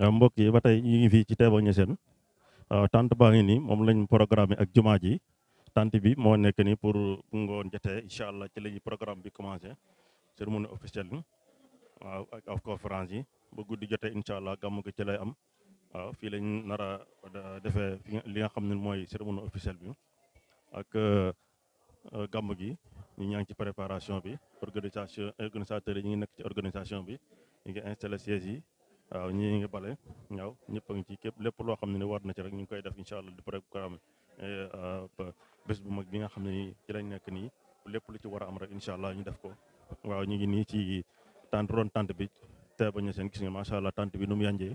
Euh, mbokk yi ba tey ñu ngi fii ci Taïba Niassène euh, tant baa ngi nii moom lañ programme ak jumaa ji tant bi moo nekk nii pour ngoon jotee incha allah ci lañuy programme bi commencé cérémonie officielle bi waaw ak ak conférence yi ba guddi jotee incha allah gàmm ko ci lay am waaw fii lañ nar a defee li nga xam ne mooy cérémonie officielle bi ak euh, gàmm gi ñu ñaa ngi ci préparation bi organisation organisateur yi ñu ngi nekk ci organisation bi ñu ngi installé yi waaw ñi ngi bale ñaaw ñëpp a ngi ci képp lépp loo xam ne war na ci rek ñu ngi koy def incha allah di programme eh, euh, bés bu mag bi nga xam ne ci lañ nekk nii lépp lu ci war a am rek incha allah ñu def ko waaw ñu ngi nii ci tante ron tante bi tee bañ seen gis nga macha allah tante bi nu mu yanjee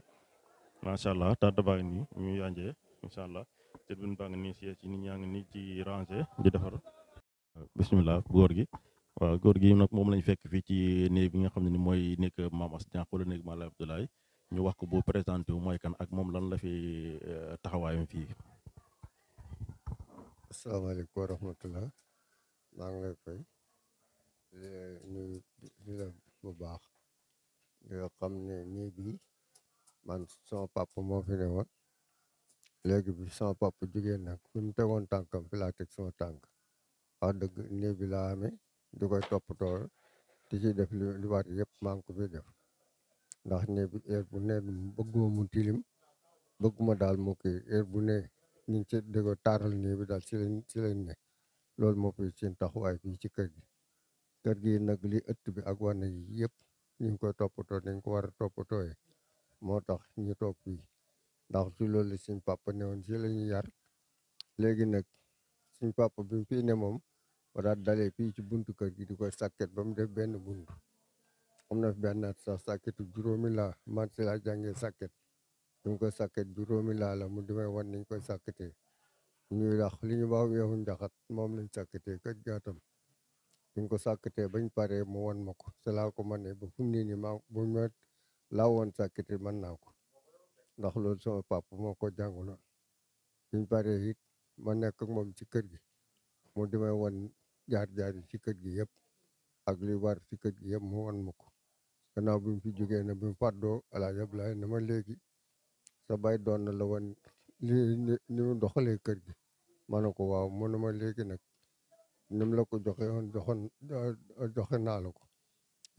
macha allah tante baa ngi nii ñu yanjee incha allah tribune baa ngi nii si ci nit ñaa ngi nii ci rangé di defar bismillah góor gi waaw góor gi nag moom lañ fekk fii ci néeg bi nga xam ne ni mooy nekk maam jànq wala néeg maam abdoulaye ñu wax ko bu présenté wu mooy kan ak moom lan la fi euh, taxawaayam fii. asalaamaaleykum wa maa ngi lay fay bu baax yoo xam ne nii bi man sama papa moo fi ne woon léegi bi sama papa jugee fi mu tegoon tànkam fi laa teg sama tànk wax dëgg nii bi laa amee di koy toppatoo di ci def li war yëpp maa ngi ko fi def ndax ne bi heure bu ne bëgguma mu tilim bëgguma daal mu kii bu ne ñu ngi ci déggoo taaral nii bi daal ci lañ ci lañ loolu moo fi seen taxawaay fii ci kër gi kër gi nag li ëtt bi ak wane yi yëpp ñu ngi koy toppatoo dañ ko war a toppatooye moo tax ñu toog ndax su loolu suñ papa ne ci la ñu yar léegi nag suñ papa bi mu fii ne moom war dalee fii ci buntu kër gi di koy sàkket ba mu def benn buntu am na benn at sax sàkketu juróomi laa man si laa jàngee sàkket ñu ngi koy sàkket juróomi la la mu dimay wan niñ koy sàkketee ñuy dax li ñu baaw yeexu moom lañ sàkketee këj gaatam ñu ngi ko sàkketee bañ paree mu wan ma ko si ko mane ba fu mu ne ma bu ma laa woon sàkkete naa ko ndax loolu sama papa moo ko jànguloon biñ paree it ma nekk ak ci kër gi mu dimay wan jaar-jaar yi ci kër gi yëpp ak li war ci kër gi yëpp mu wan ma ko ganaw bi mu fi jógee na bi mu fàddoo Alaaji Ablaay ne ma léegi sa bay doon na la woon li ni mu doxalee kër gi ma ne ko waaw mu ne ma léegi nag ni mu la ko joxe woon joxoon joxe naa la ko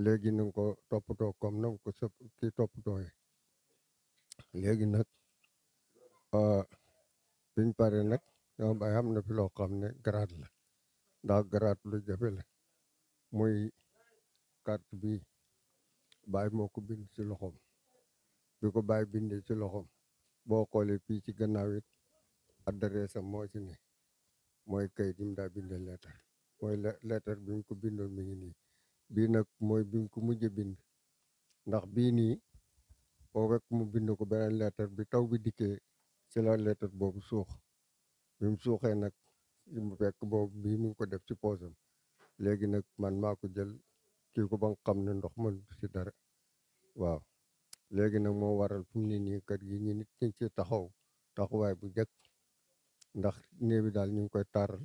léegi ni nga ko toppatoo comme na nga ko sa kii toppatoo yi léegi nag biñ pare nag sama bay am na fi loo xam ne grade la ndax grade lu jafe la muy carte bii baay moo ko bind ci loxoom bi ko baay bindee ci loxoom boo xoolee fii ci gannaaw it adresse am moo ci ne mooy kay dim daa bindee lettre mooy lettre bi mu ko bindoon mi ngi nii bii nag mooy bi mu ko mujj bind ndax bii nii boo rek mu bind ko beneen lettre bi taw bi dikkee ci la lettre boobu suux bi mu suuxee nag mu fekk boobu bii mu ko def ci poosam léegi nag man maa ko jël kii ko ba nga xam ne ndox mënu ci dara waaw léegi nag moo waral fu mu ne nii kër gi ñu nit ñi taxaw taxawaay bu njëkk ndax néew bi daal ñu ngi koy taaral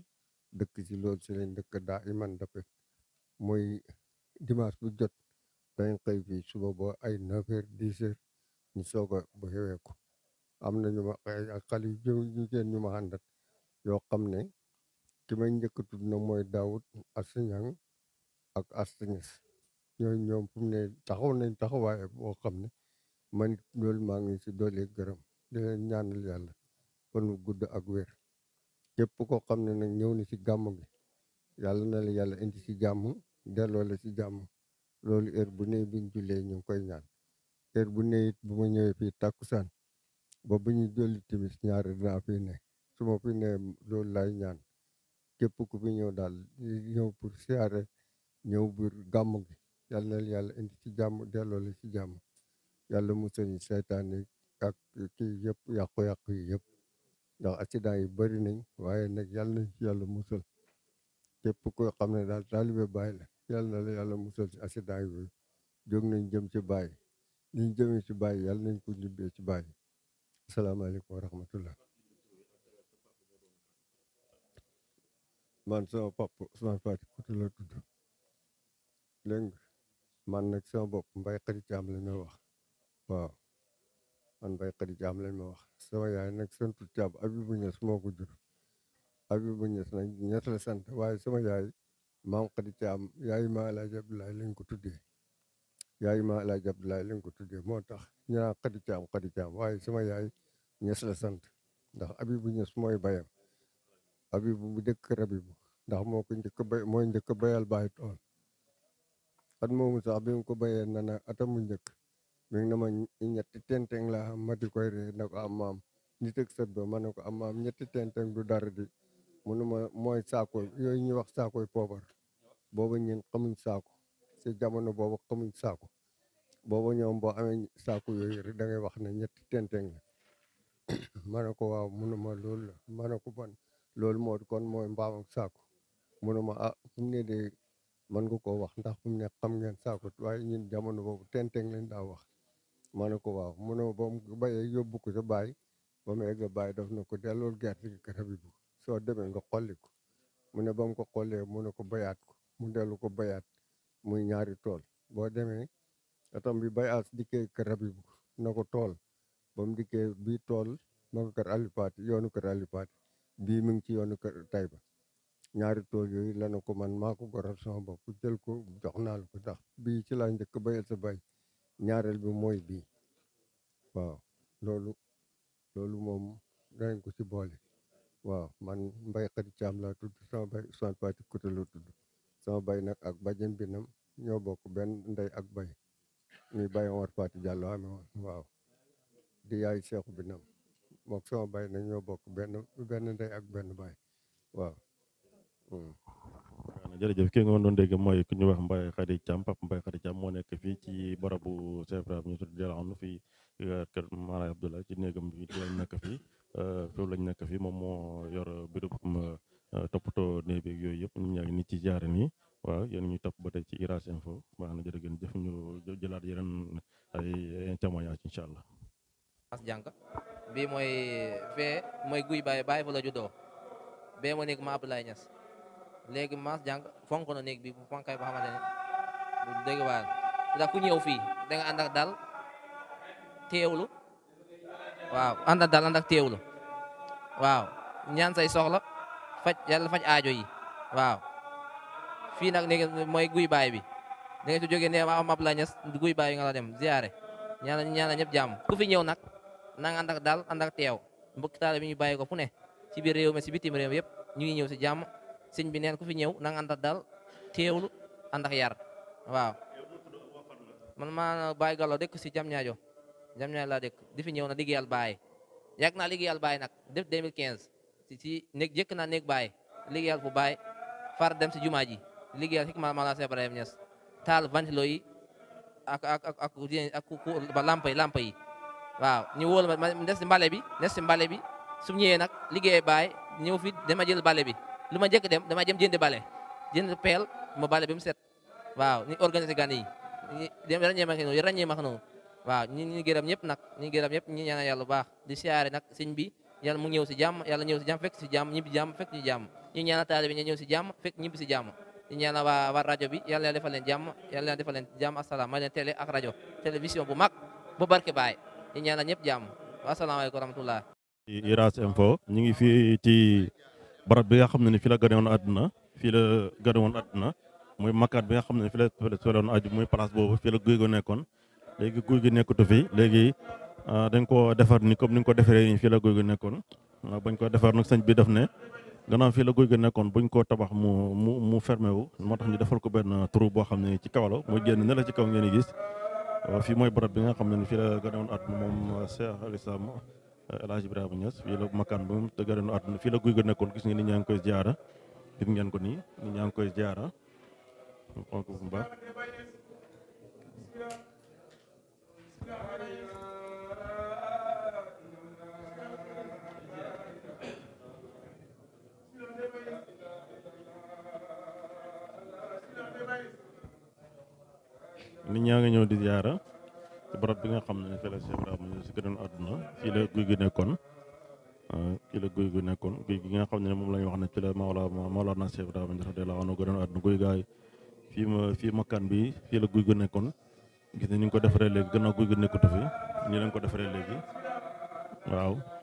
dëkk ci loolu si lañ dëkk daa iman dape mooy dimas bu jot dañ xëy fii suba ba ay 9 heures ñu soog a bu xewee ko am na ñu ma ak xale yu jigéen ñu ma àndat yoo xam ne ki may njëkk tudd na mooy Daoud Asiñang ak astrines ñooñu ñoom fu mu ne taxaw nañ taxawaay boo xam ne man loolu maa ngi si doole gërëm di leen ñaanal yàlla kon gudd ak wér képp koo xam ne na ñëw ni si gàmm gi yàlla na la yàlla indi si jàmm delloo la si jàmm loolu heure bu ne biñ jullee ñu ngi koy ñaan heure bu ne it bu ma ñëwee fii tàkkusaan ba bu ñu dolli timis ñaari dinaa fi ne su ma fi ne loolu laay ñaan képp ku fi ñëw daal ñëw pour siyaare ñëw biir gàmm gi yal na yàlla indi ci jàmm delloo la ci jàmm yàlla musal ñu seytaan yi ak kii yëpp yàqu-yàqu yi yëpp ndax accident yi bari nañ waaye nag yàlla nañ ci yàlla musal képp koy xam ne daal taalibe bàyyi la yàlla na la yàlla musal ci accident yooyu jóg nañ jëm ci bàyyi liñ jëmee ci bàyyi yal nañ ko ñibbee ci bàyyi asalaamaaleykum wa rahmatullah man sama papa dégg man nag sama bopp mbay xarit jaam lañ ma wax waaw man mbay xarit jaam lañ ma wax sama yaay nag santu jaam Abibu Ñas moo ko jur Abibu Ñas nag ñett la waaye sama yaay maam xarit jaam yaay ma Alaaji lañ ko tuddee yaay ma Alaaji Abdoulaye lañ ko tuddee moo tax ñaa xarit jaam waaye sama yaay ñes la sant ndax Abibu Ñas mooy bayam Abibu bu dëkk Rabibu ndax moo ko njëkk bay mooy njëkk bayal baay tool at moomu sax bi ko béyee na na ata njëkk mi ngi na ma ñetti tenteng la am ma di koy ree na ko am maam sët ba ma ne ko amaam ñetti tenteng du dara di munu ma mooy saako yooyu ñuy wax saakoy poobar booba ñun xamuñ saako si jamono boobu xamuñ saako booba ñoom boo amee saako yooyu rek wax na ñetti tenteng la ma ne ko waaw munu ma loolu la ma ko ban loolu moo kon mooy mbaam ak saako munu ma ah fu ne de man nga ko wax ndax mu ne xam ngeen saako waaye ñun jamono boobu tenteng lañ daa wax ma ne ko waaw mu ne ba mu bayee yóbbu ko sa baay ba mu egg baay daf na ko dellool gerte gi garab yi bu soo demee nga xolli ko mu ne ba mu ko xollee mu ne ko bayaat ko mu dellu ko bayaat muy ñaari tool boo demee atam bi bayaas dikkee garab yi bu na ko tool ba mu dikkee bii tool ma ko kër alipaati yoonu kër alipaati bii mu ngi ci yoonu kër ba ñaari tool yooyu la na ko man maa ko goral sama bopp jël ko jox naa la ko ndax bii ci laa njëkk bayal sa bay ñaareel bi mooy bii waaw loolu loolu moom danañ ko ci boole waaw man mbay xarit Caam laa tudd sama bay Ousmane Fatick côté la tudd sama bay nag ak bajeen binam ñoo bokk benn ndey ak bay ñuy bay Omar Fati Diallo amee woon waaw di yaay Seexu binam mook sama bay nag ñoo bokk benn benn ndey ak benn bay waaw jërëjëf ki nga doon dégg mooy ku ñu wax Mbaye Khady Thiam Pape Mbaye Khady Thiam moo nekk fii ci barabu Cheikh Ibrahima ñu tudd Delaon fii euh, kër Maalaye ci néegam bi lañ nekk fii euh, lañ nekk fii moom moo yor bërëb euh, toppatoo yooyu yëpp ñu ñaa ci jaare nii waaw ñu topp ba tey ci Uras Info baax na jërëjëf jëf ñu jëlaat yeneen ay témoignage incha allah. as jànk bii mooy fee mooy guy baay baay fa la bee moo nekk ma Abdoulaye Niass léegi Mass Jàng fonk na néeg bi bu fonkay ba xamante ne bu dégg waar ndax ku ñëw fii da nga ànd dal teewlu waaw ànd dal ànd ak waaw ñaan say soxla faj yàlla faj aajo yi waaw fii nag léegi mooy guy baay bi da nga ci jógee ne ma ah, mab la ñes guy baay nga la dem ziyaare ñaana ñaana ñëpp jàmm ku fi ñëw nag na nga ànd ak dal ànd ak teew mbokk taale bi ñu bàyyi ko fu ci biir réew mi ci bitim réew yëpp ñu ngi ñëw ci jàmm sëñ bi ku fi ñëw na nga ànd ak dal teewlu ànd ak yar waaw. man maa Baye Gallo dëkk si jam ñaajo jam ñaajo laa dëkk di fi ñëw na liggéeyal Baye yàgg naa liggéeyal Baye nag def 2015 si si nekk jëkk naa nekk Baye liggéeyal bu Baye far dem si liggéeyal xikma Maolana Cheikh Ibrahima taal ventilo ak ak ak ba lamp yi lamp yi waaw ñu wóolu ma des si mbale bi des si mbale bi su ñëwee nag Lumajak ya, jek dem dama jëm jënd balé jënd pel mo balé bim mu set waaw ni organiser gan yi rañé ma xino rañé ma xino waaw ñi ñi gëram ñëpp nak ñi gëram ñëpp ñi ñana yalla ya baax di siaré nak sinbi, bi yalla mu ñëw si jàmm yàlla ñëw si jàmm fekk si jàmm ñibbi jàmm fekk si jàmm ñu ñaanal taalibe ñu ñëw si jàmm fekk ñibbi si jamm ñi ñana waa waa radio bi yalla yalla defal leen jamm yalla yalla defal leen jamm assalam ma leen télé ak rajo télévision bu mag bu barke baay ñu ñaanal ñëpp assalamu alaykum wa rahmatullah Uras Info ñu ngi fi ci barab bi nga xam ne ni fii la gane woon àdduna fii la gane woon àdduna muy makkaat bi nga xam ne ni fii la solewoon aju boobu fii la guy gu nekkoon léegi guy gi nekkatu fi léegi ah, dañ ko defar ni comme ni nga ko defaree nii fii la guy gu ah, bañ ko defar nag sëñ bi def ne gannaaw fii la guy gu nekkoon buñ ko tabax mu mu mu fermé wu moo tax ñu defal ko benn trou boo xam ne ci kaw la muy génn la ci kaw ngeen gis ah, fii mooy barab bi nga xam ne ni fii la gane woon àdduna moom Cheikh Al Islam Eh, El Hadj Ibrahima Niass fi la makan bu mu tëggalee nu àdduna fii la guy ga nekkoon gis ngeen ni ñang koy ziarra gis ngeen ko ni ni ñang ngi koy ziara xonk bu baax. ni ñang ngi di ziarra barab bi nga xam ne fii la Cheikh Ibrahima Niass gënoon àdduna fii la guy gi nekkoon fii ah, la guy gi nekkoon guy gi nga xam ne moom la ñu wax ne fii la Mawlana Mawlana Cheikh Ibrahima Niass radiyallahu anhu gënoon àdduna guy gaay fii ma fii makkaan bi fii la guy gi nekkoon gis ne ni ñu ko defaree léegi a guy gi nekkatu fi ñu leen ko defaree léegi waaw